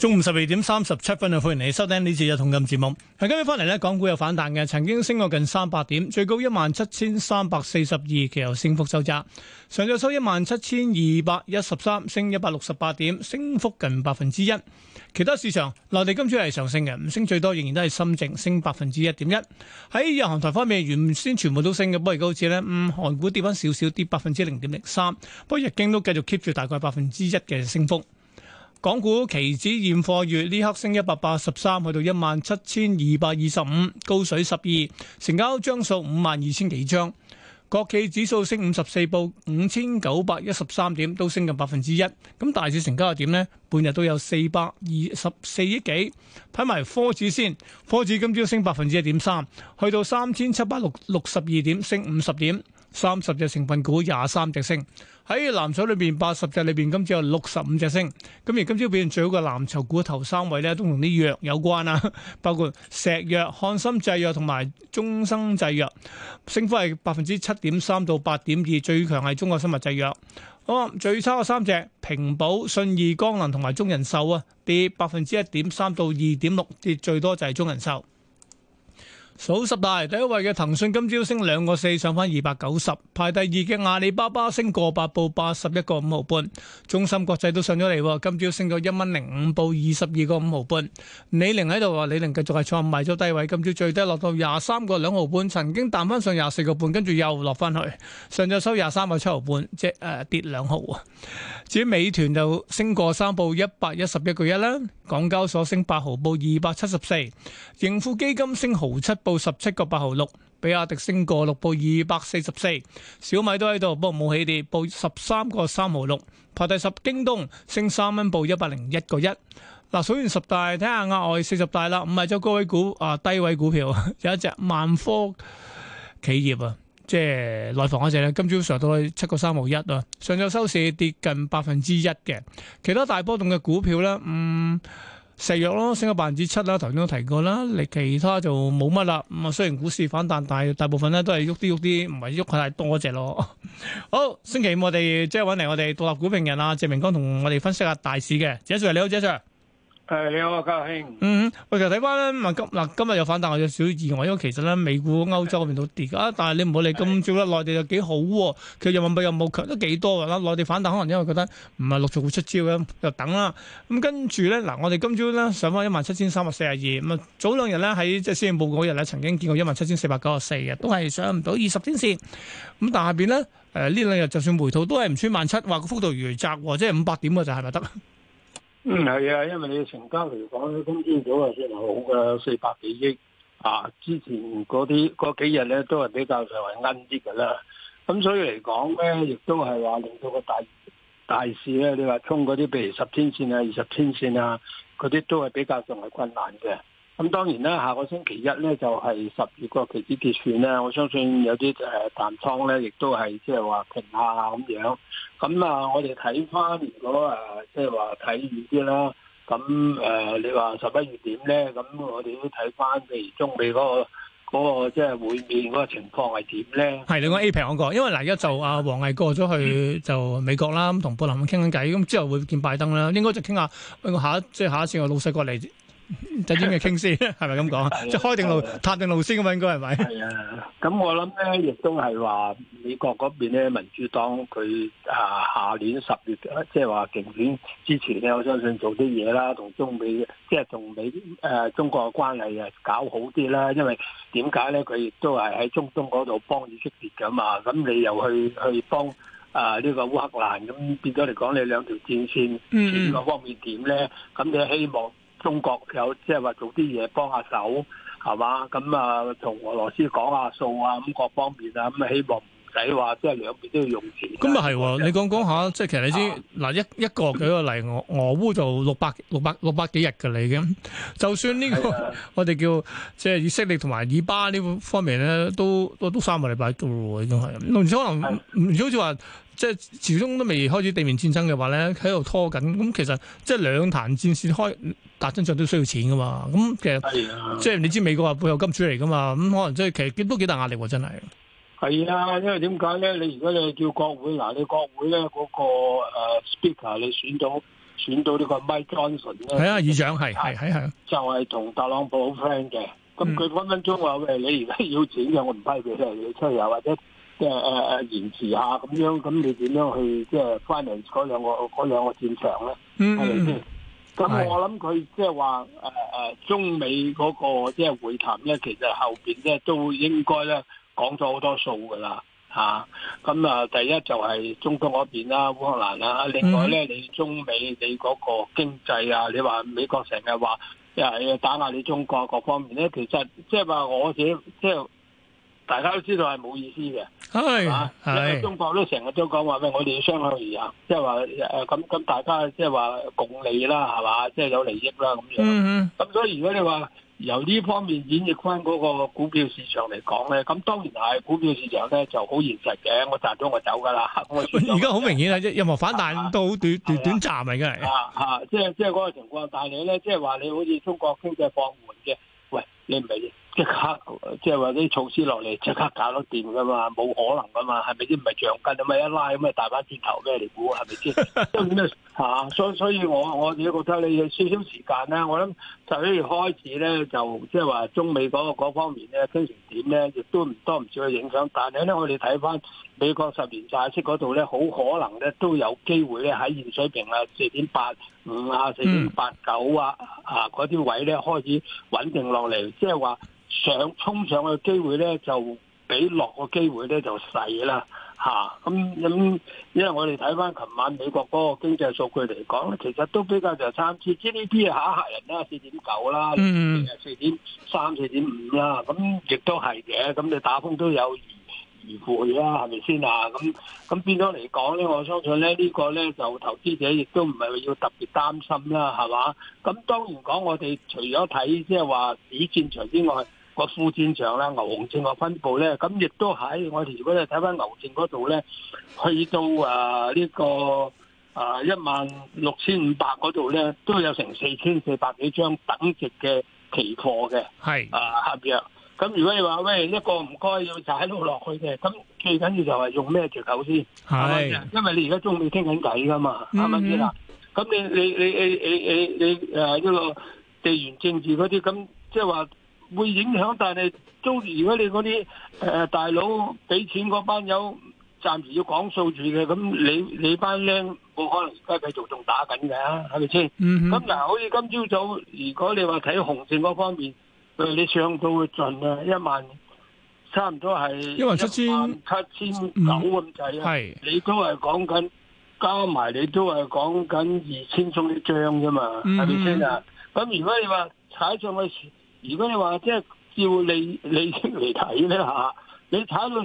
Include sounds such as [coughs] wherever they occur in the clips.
中午十二點三十七分嘅歡迎你收聽呢次嘅《一桶金節目》。係今日翻嚟咧，港股有反彈嘅，曾經升過近三百點，最高一萬七千三百四十二，其後升幅收窄，上晝收一萬七千二百一十三，升一百六十八點，升幅近百分之一。其他市場內地今朝係上升嘅，唔升最多仍然都係深證升百分之一點一。喺日韓台方面，原先全部都升嘅，不過而家好似咧，嗯，韓股跌翻少少，跌百分之零點零三，不過日經都繼續 keep 住大概百分之一嘅升幅。港股期指現貨月呢刻升一百八十三，去到一萬七千二百二十五，高水十二，成交張數五萬二千幾張。國企指數升五十四報五千九百一十三點，都升近百分之一。咁大市成交又點呢？半日都有四百二十四億幾。睇埋科指先，科指今朝升百分之一點三，去到三千七百六十二點，升五十點。三十隻成分股，廿三隻升。喺藍籌裏邊，八十隻裏邊，今朝有六十五隻升。咁而今朝表現最好嘅藍籌股頭三位咧，都同啲藥有關啊，包括石藥、漢森製藥同埋中生製藥，升幅係百分之七點三到八點二，最強係中國生物製藥。咁最差嘅三隻，平保、信義光能同埋中人壽啊，跌百分之一點三到二點六，跌最多就係中人壽。數十大第一位嘅騰訊今朝升兩個四，上翻二百九十。排第二嘅阿里巴巴升過八，報八十一個五毫半。中芯國際都上咗嚟，今朝升咗一蚊零五，報二十二個五毫半。李寧喺度話，李寧繼續係創埋咗低位，今朝最低落到廿三個兩毫半，曾經彈翻上廿四個半，跟住又落翻去。上日收廿三個七毫半，即誒跌兩毫。至於美團就升過三，報一百一十一個一啦。港交所升八毫，報二百七十四。盈富基金升毫七。報十七個八毫六，86，比亞迪升過六，報二百四十四，小米都喺度，不過冇起跌，報十三個三毫六，排第十。京東升三蚊，報一百零一個一。嗱，數完十大，睇下額外四十大啦，五日周高位股啊，低位股票有一隻萬科企業啊，即係內房嗰隻咧，今朝上到去七個三毫一啊，上晝收市跌近百分之一嘅。其他大波動嘅股票咧，嗯。石藥咯，升咗百分之七啦，頭先都提過啦。你其他就冇乜啦。咁啊，雖然股市反彈，但係大部分咧都係喐啲喐啲，唔係喐太多隻咯。 [laughs] 好，星期五我哋即係揾嚟我哋獨立股評人啊謝明光同我哋分析下大市嘅，謝 Sir 你好，謝 Sir。係你好啊，家兄。 [music] 嗯喂，其實睇翻啦。咁嗱今日有反彈，有少少意外，因為其實咧美股、歐洲嗰邊都跌啊。但係你唔好理咁，今朝咧內地又幾好喎。其實人民幣又冇強得幾多啦。內地反彈可能因為覺得唔係陸續會出招咁，就等啦。咁跟住咧，嗱我哋今朝咧上翻一萬七千三百四十二咁啊。早兩日咧喺即係先報嗰日咧曾經見過一萬七千四百九十四嘅，都係上唔到二十天線。咁、嗯、但係下邊咧誒呢兩日、呃、就算回吐都係唔穿萬七，話個幅度如，如窄喎，即係五百點嘅就係咪得？是 [laughs] 嗯，係啊，因為你嘅成交嚟講咧，今天早啊算好嘅，四百幾億啊，之前嗰啲嗰幾日咧都係比較上係奀啲噶啦，咁所以嚟講咧，亦都係話令到個大大市咧，你話衝嗰啲，譬如十天線啊、二十天線啊，嗰啲都係比較上係困難嘅。咁當然啦，下個星期一咧就係十月個期指結算啦。我相信有啲誒、呃、淡倉咧，亦都係即係話平下咁樣。咁啊，呃、我哋睇翻如果誒即係話睇遠啲啦，咁誒你話十一月點咧？咁我哋都睇翻譬如中美嗰、那個嗰、那個即係、就是、會面嗰個情況係點咧？係你講 A 平嗰個，因為嗱而家就阿王毅過咗去就美國啦，咁同布林去傾緊偈，咁之後會見拜登啦，應該就傾下下一即係下一次我老細過嚟。就先咪傾先，係咪咁講？即係的開定路，的探定路先咁問過，係咪？係啊，咁我諗咧，亦都係話美國嗰邊咧，民主黨佢啊下年十月，即係話競選之前咧，我相信做啲嘢啦，同中美，即係同美誒、呃、中國嘅關係啊，搞好啲啦。因為點解咧？佢亦都係喺中東嗰度幫以色列噶嘛。咁你又去去幫啊呢、這個烏克蘭，咁變咗嚟講，你兩條戰線呢個方面點咧？咁你希望？嗯中國有，即係話做啲嘢幫下手，係嘛？咁啊，同俄羅斯講下數啊，咁各方面啊，咁希望。唔使話，即係兩邊都要用錢。咁啊係， [noise] 嗯、你講講下，即係其實你知嗱一、嗯、一個舉個例，俄俄烏就六百六百六百幾日㗎啦已經。就算呢、這個、嗯、我哋叫即係、就是、以色列同埋以巴呢個方面咧，都都都三個禮拜㗎咯喎已經係。咁所以可能如果好似話即係始終都未開始地面戰爭嘅話咧，喺度拖緊。咁其實即係兩壇戰線開打真上都需要錢㗎嘛。咁其實即係你知美國話背後金主嚟㗎嘛。咁可能即係其實都幾大壓力真係。係啊，因為點解咧？你如果你叫國會嗱，你國會咧嗰個 speaker，你選到選到呢個 Mike Johnson 咧，係啊，議長係係係係，就係同特朗普好 friend 嘅，咁佢分分鐘話：嗯、喂，你而家要錢嘅，我唔批俾你，你出去又或者即係誒誒延遲下咁樣，咁你點樣去即係 finance 嗰兩個嗰兩個戰場咧？係咪先？咁、啊、我諗佢即係話誒誒中美嗰個即係會談咧，其實後邊咧都應該咧。講咗好多數噶啦，吓、啊、咁啊！第一就係中東嗰邊啦，烏克蘭啦、啊，另外咧，你中美你嗰個經濟啊，你話美國成日話又係要打壓你中國，各方面咧，其實即係話我自己即係大家都知道係冇意思嘅，係嘛，中國都成日都講話咩，我哋要相向而行，即係話誒咁咁大家即係話共利啦，係嘛，即係有利益啦咁樣，咁所以如果你話。由呢方面演繹翻嗰個股票市場嚟講咧，咁當然係股票市場咧就好現實嘅，我賺咗我走㗎啦。而家好明顯啦，任何反彈都好短短短暫嚟嘅。啊啊，即係即係嗰個情況，但你咧，即係話你好似中國經濟放緩嘅，喂，你唔係。刻即刻即係話啲措施落嚟，即刻搞到掂噶嘛？冇可能噶嘛？係咪先？唔係橡筋，你咪一拉咁啊，大把轉頭咩你估？係咪先？所以吓，所以所以我我哋都覺得你少少時間咧，我諗就譬如開始咧，就即係話中美嗰、嗰個方面咧，跟常點咧，亦都唔多唔少嘅影響。但係咧，我哋睇翻美國十年債息嗰度咧，好可能咧都有機會咧喺現水平啊四點八。五啊四點八九啊，啊嗰啲位咧開始穩定落嚟，即係話上衝上去嘅機會咧就比落個機會咧就細啦，嚇。咁、啊、咁、嗯，因為我哋睇翻琴晚美國嗰個經濟數據嚟講咧，其實都比較就參差。GDP 下客人啦，四點九啦，四點三四點五啦，咁亦、啊、都係嘅。咁你打風都有。回啦，係咪先啊？咁咁變咗嚟講咧，我相信咧呢個咧就投資者亦都唔係話要特別擔心啦，係嘛？咁當然講，我哋除咗睇即係話主戰場之外，個副戰場啦、牛熊證個分布咧，咁亦都喺我哋如果咧睇翻牛證嗰度咧，去到啊呢個啊一萬六千五百嗰度咧，都有成四千四百幾張等值嘅期貨嘅係啊合約。咁如果你話喂一個唔該要踩到落去嘅，咁最緊要就係用咩條狗先？係是，因為你而家仲未傾緊偈噶嘛，係咪先啊？咁、嗯、哼你你你你你你你誒呢個地緣政治嗰啲，咁即係話會影響，但係都如果你嗰啲誒大佬俾錢嗰班友，暫時要講數字嘅，咁你你班僆冇可能而家繼續仲打緊嘅，係咪先？咁嗱、嗯哼，好似、啊、今朝早，如果你話睇紅線嗰方面。你上到去盡啊，一萬差唔多係、嗯、一萬七千七千九咁滯啊！是你都係講緊加埋，你都係講緊二千鬆啲張啫嘛？係咪先啊？咁如果你話踩上去，如果你話即係照利利息嚟睇咧吓，你,你, [laughs] 你踩到上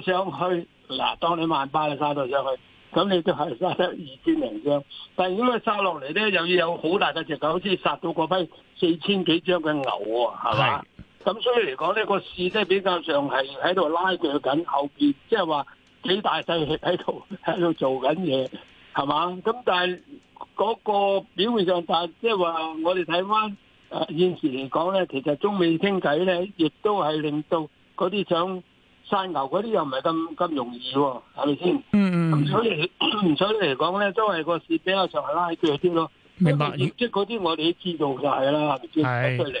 去嗱，當你萬八你晒到上去，咁你都係晒得二千零張。但係如果佢晒落嚟咧，又要有大好大嘅隻狗好似殺到嗰批四千幾張嘅牛喎，係嘛？咁所以嚟講咧，個市咧比較上係喺度拉鋸緊，後邊即係話幾大勢力喺度喺度做緊嘢，係嘛？咁但係嗰個表面上，但即係話我哋睇翻現時嚟講咧，其實中美傾偈咧，亦都係令到嗰啲想散牛嗰啲又唔係咁咁容易喎，係咪先？嗯咁所以所以嚟講咧，都係個市比較上拉鋸先咯。明白。即係嗰啲我哋都知道就係啦，係咪先？係。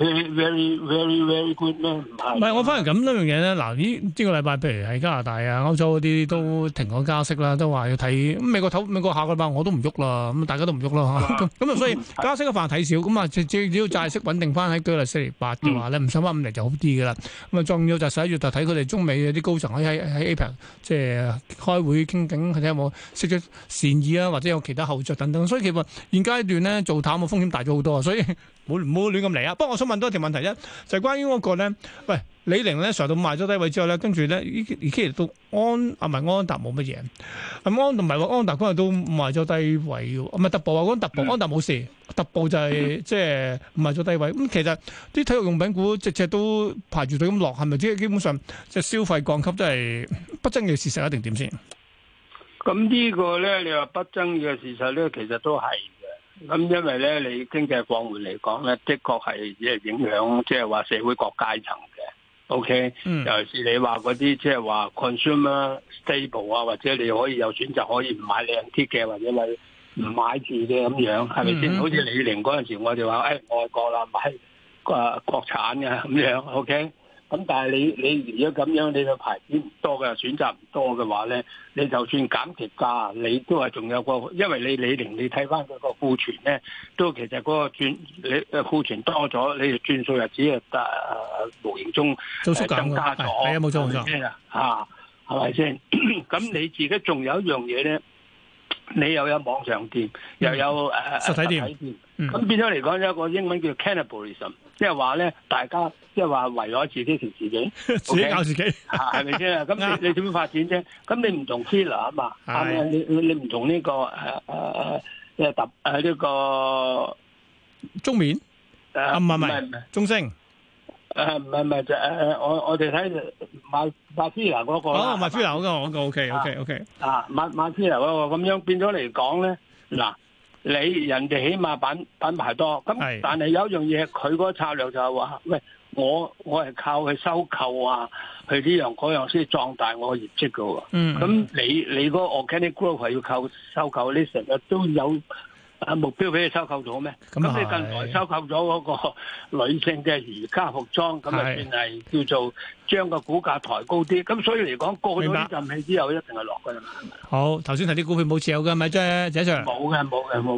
唔係，我反而咁多樣嘢咧。嗱，依呢個禮拜，譬如喺加拿大啊、歐洲嗰啲都停咗加息啦，都話要睇美國頭美國下個禮拜我都唔喐啦，咁大家都唔喐啦。咁啊、嗯， [laughs] 所以加息嘅範圍睇少，咁啊，只要債息穩定翻喺幾啊四釐八嘅話咧，唔收翻五釐就好啲嘅啦。咁啊，仲要就十一月就睇佢哋中美嘅啲高層喺喺 APEC 即係開會傾緊，睇下有冇釋咗善意啊，或者有其他後續等等。所以其實現階段咧做淡嘅風險大咗好多啊，所以冇冇 [laughs] 亂咁嚟啊！不過我想問多一條問題一就係關於嗰個咧，喂李寧咧上到賣咗低位之後咧，跟住咧依依都安啊唔係安踏冇乜嘢，咁安同埋安踏嗰日都賣咗低位嘅，唔係特步啊，特步安踏冇事，特步就係即係賣咗低位。咁其實啲體育用品股直隻都排住隊咁落，係咪即係基本上即係消費降級即係不爭嘅事實一定點先？咁呢個咧，你話不爭嘅事實咧，其實都係。咁、嗯、因為咧，你經濟放緩嚟講咧，的確係只係影響，即係話社會各階層嘅。O、okay? K，、嗯、尤其是你話嗰啲即係、就、話、是、consumer stable 啊，或者你可以有選擇，可以唔買靚啲嘅，或者咪唔買住嘅咁樣，係咪先？嗯嗯、好似李寧嗰陣時我、哎，我哋話誒，外國啦買誒、啊、國產嘅、啊、咁樣。O K。咁但係你你如果咁樣，你個牌子唔多嘅選擇唔多嘅話咧，你就算減其價，你都係仲有個，因為你李寧你睇翻佢個庫存咧，都其實嗰個轉你誒庫存多咗，你嘅轉數日只係誒無形中、呃、增加咗，係啊冇錯冇錯，吓係咪先？咁、啊、錯 [coughs] 你自己仲有一樣嘢咧。你又有網上店，又有誒、uh，實體店，咁、嗯、變咗嚟講有一個英文叫 cannibalism，即係話咧大家即係話為咗自己食自己， [laughs] 自己搞自己，係咪先啊？咁 [laughs] 你你點樣發展啫？咁你唔同 Fila 啊嘛？你你唔同呢個誒誒誒誒揼誒呢個中面誒唔係唔係中聲。誒唔係唔係就誒誒我我哋睇麥麥斯拿嗰、那個，好斯拿嗰、那個嗰個 OK OK OK 啊麥麥斯拿嗰個，咁樣變咗嚟講咧，嗱，你人哋起碼品品牌多，咁是但係有一樣嘢佢嗰個策略就係話，喂，我我係靠去收購啊去呢樣嗰樣先壯大我嘅業績嘅喎，咁、嗯、你你嗰個 organic growth 係要靠收購，你成日都有。啊！目標俾佢收購咗咩？咁你近來收購咗嗰個女性嘅瑜伽服裝，咁啊算係叫做將個股價抬高啲。咁所以嚟講，過咗呢陣氣之後一定係落㗎啦。明白。係咪？好，頭先提啲股票冇持有㗎，係咪？即係，謝 Sir？冇嘅，冇嘅，冇。